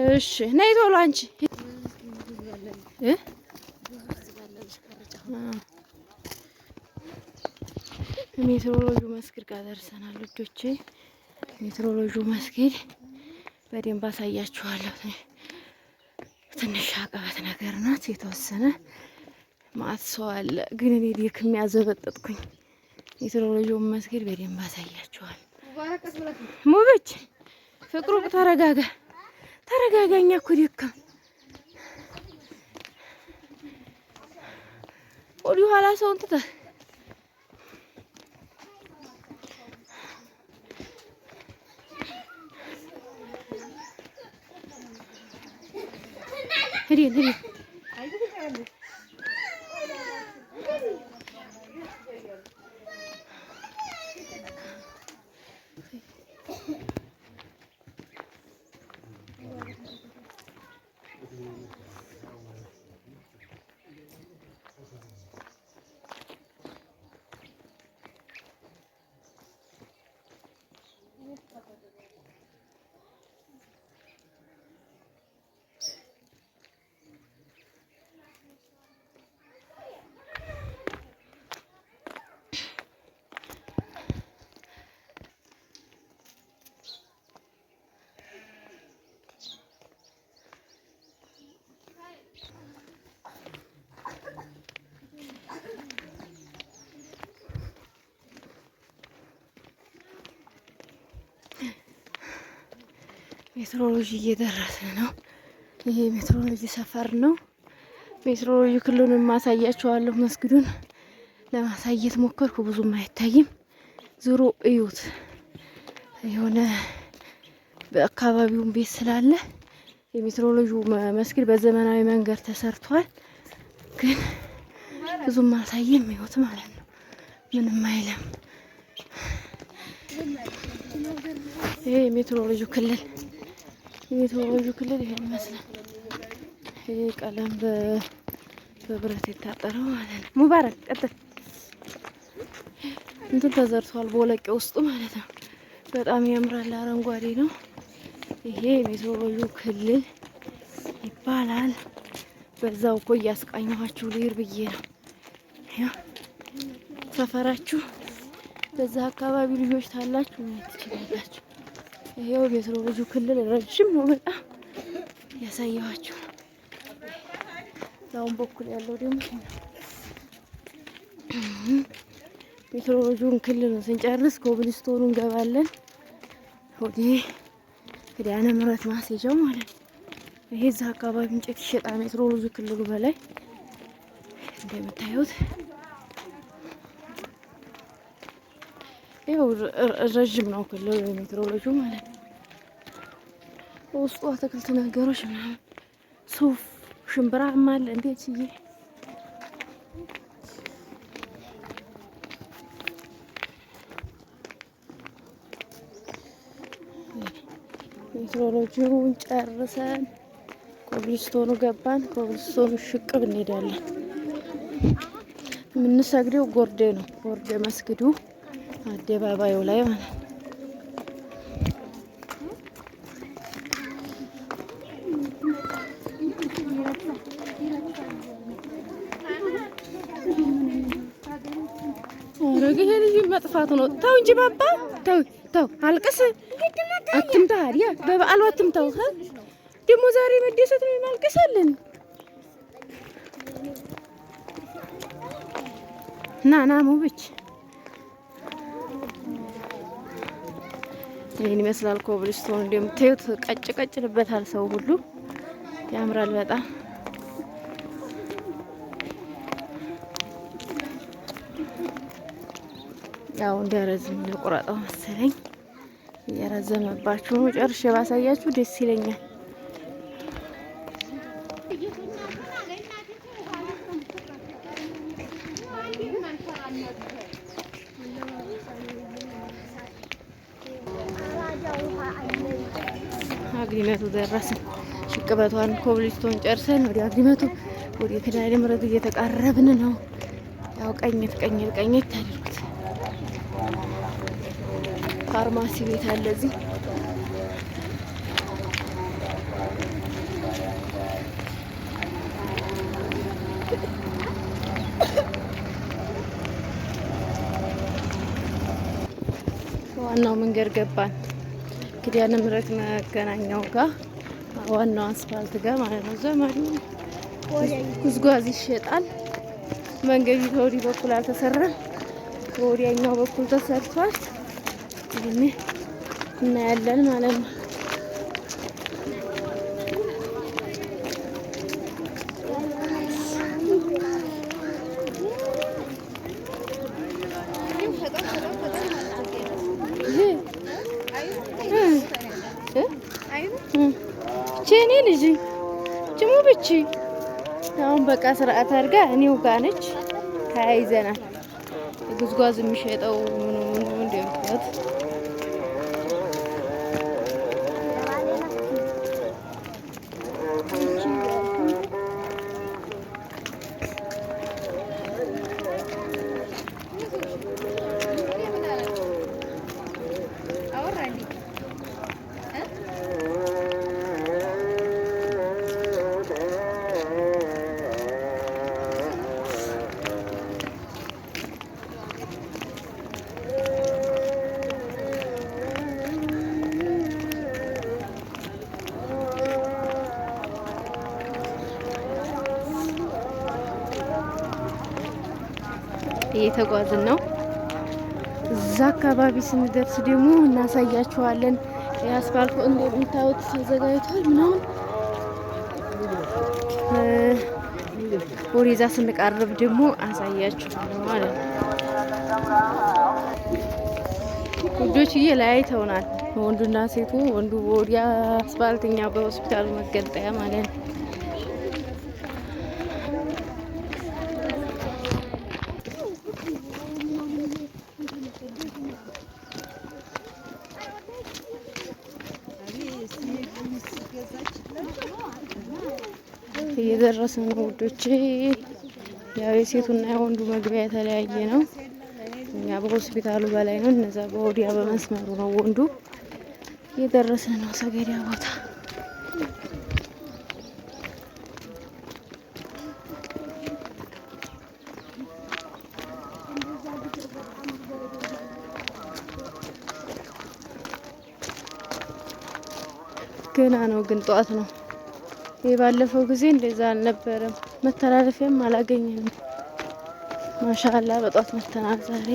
እሺ ነይ ቶሎ አንቺ ሜትሮሎጂ መስጊድ ጋር ደርሰናል ልጆቼ። ሜትሮሎጂ መስጊድ በደንብ አሳያችኋለሁ። ትንሽ አቀበት ነገር ናት የተወሰነ ማት ሰው አለ፣ ግን እኔ ዲክ የሚያዘበጥጥኩኝ ሜትሮሎጂ መስጊድ በደንብ አሳያችኋለሁ። ሙበች ፍቅሩ ተረጋጋ። ተረጋጋኛ ኩሪካ ወዲ ኋላ ሰውን ትተ ሄደን ሄደን ሜትሮሎጂ እየደረስን ነው። ይሄ ሜትሮሎጂ ሰፈር ነው። ሜትሮሎጂ ክልሉን ማሳያቸዋለሁ። መስጊዱን ለማሳየት ሞከርኩ፣ ብዙም አይታይም። ዙሮ እዩት። የሆነ በአካባቢውን ቤት ስላለ የሜትሮሎጂ መስጊድ በዘመናዊ መንገድ ተሰርቷል፣ ግን ብዙም አልታይም። እዩት ማለት ነው። ምንም አይለም። ይሄ የሜትሮሎጂ ክልል የተወበዙ ክልል ይሄን ይመስላል። ይህ ቀለም በብረት የታጠረው ማለት ነው። ሙባረክ ቀጥል እንትን ተዘርቷል፣ ቦለቄ ውስጡ ማለት ነው። በጣም ያምራል፣ አረንጓዴ ነው። ይሄ የተወበዙ ክልል ይባላል። በዛው እኮ እያስቃኘኋችሁ ልሂድ ብዬ ነው። ሰፈራችሁ በዛ አካባቢ ልጆች ታላችሁ ትችላላችሁ። ይሄው ቤት ነው። ብዙ ክልል ረጅም ነው በጣም ያሳየኋቸው። አሁን በኩል ያለው ደግሞ ሜትሮሎጂውን ክልል ስንጨርስ ኮብልስቶኑ እንገባለን። ወዲ ክዳነ ምሕረት ማስሄጃው ማለት ይሄ እዛ አካባቢ እንጨት ይሸጣል። ሜትሮሎጂ ክልሉ በላይ እንደምታዩት ያው ረዥም ነው ክልሉ ሜትሮሎጂ ማለት ነው። ውስጡ አትክልት ነገሮች ምናምን ሱፍ ሽምብራም ማለ እንዴት ይ ሜትሮሎጂውን ጨርሰን ኮብልስቶኑ ገባን። ኮብልስቶኑ ሽቅብ እንሄዳለን። የምንሰግደው ጎርዴ ነው። ጎርዴ መስግዱ አደባባዩ ላይ ማለት ነው። ኧረ ይሄ ልጅ መጥፋቱ ነው። ተው እንጂ ባባ፣ ተው ተው፣ አልቅስ አትምታ። ያ በበዓሉ አትምታው። ደግሞ ዛሬ መደሰት ነው የማልቀሳለን። ና ና ሙብች ይህን ይመስላል ኮብልስቶን። እንደምታዩት ቀጭ ቀጭ ልበታል። ሰው ሁሉ ያምራል በጣም ያው እንዲያረዝም እንደቆረጠው መሰለኝ እየረዘመባችሁ ጨርሼ ባሳያችሁ ደስ ይለኛል። አግሪመቱ ደረስን። ሽቅበቷን ኮብልስቶን ጨርሰን ወደ አግሪመቱ ወደ ኪዳነ ምሕረት እየተቃረብን ነው። ያው ቀኝት ቀኝት ቀኝት ታድርጉት። ፋርማሲ ቤት አለ እዚህ ዋናው መንገድ ገባን። ኪዳነ ምሕረት መገናኛው ጋር ዋናው አስፋልት ጋር ማለት ነው። ዘመዱ ጉዝጓዝ ይሸጣል። መንገዱ ከወዲህ በኩል አልተሰራም፣ ከወዲያኛው በኩል ተሰርቷል። እናያለን ማለት ነው። ቼኔ ልጅ ጭሙ ብቺ አሁን በቃ ስርዓት አድርጋ እኔው ጋር ነች። ተያይዘናል። ጉዝጓዝ የሚሸጠው እየተጓዝን ነው። እዛ አካባቢ ስንደርስ ደግሞ እናሳያችኋለን። የአስፋልቱ እንደምታዩት ተዘጋጅቷል ምናምን ወደዛ ስንቃርብ ደግሞ አሳያችኋለሁ ማለት ነው። ውዶችዬ ለያይተውናል። ወንዱና ሴቱ ወንዱ ወዲያ አስፋልትኛ በሆስፒታሉ መገልጠያ ማለት ነው። እየደረሰ ነው ውዶቼ። ያው የሴቱና የወንዱ መግቢያ የተለያየ ነው። እኛ በሆስፒታሉ በላይ ነው፣ እነዛ በወዲያ በመስመሩ ነው። ወንዱ እየደረሰ ነው ሰገዳ ቦታ ገና ነው ግን ጠዋት ነው። የባለፈው ጊዜ እንደዛ አልነበረም። መተላለፊያም አላገኘንም። ማሻአላ በጧት መተናል ዛሬ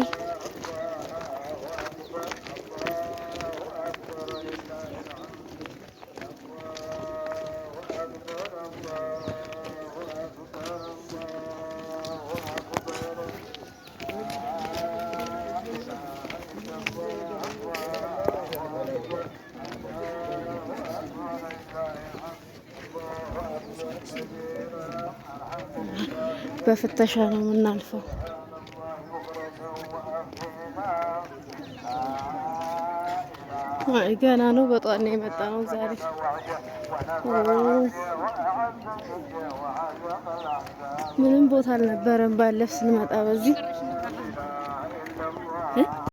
በፍተሻ ነው የምናልፈው። ገና ነው። በጧት ነው የመጣ ነው ዛሬ። ምንም ቦታ አልነበረም። ባለፍ ስንመጣ በዚህ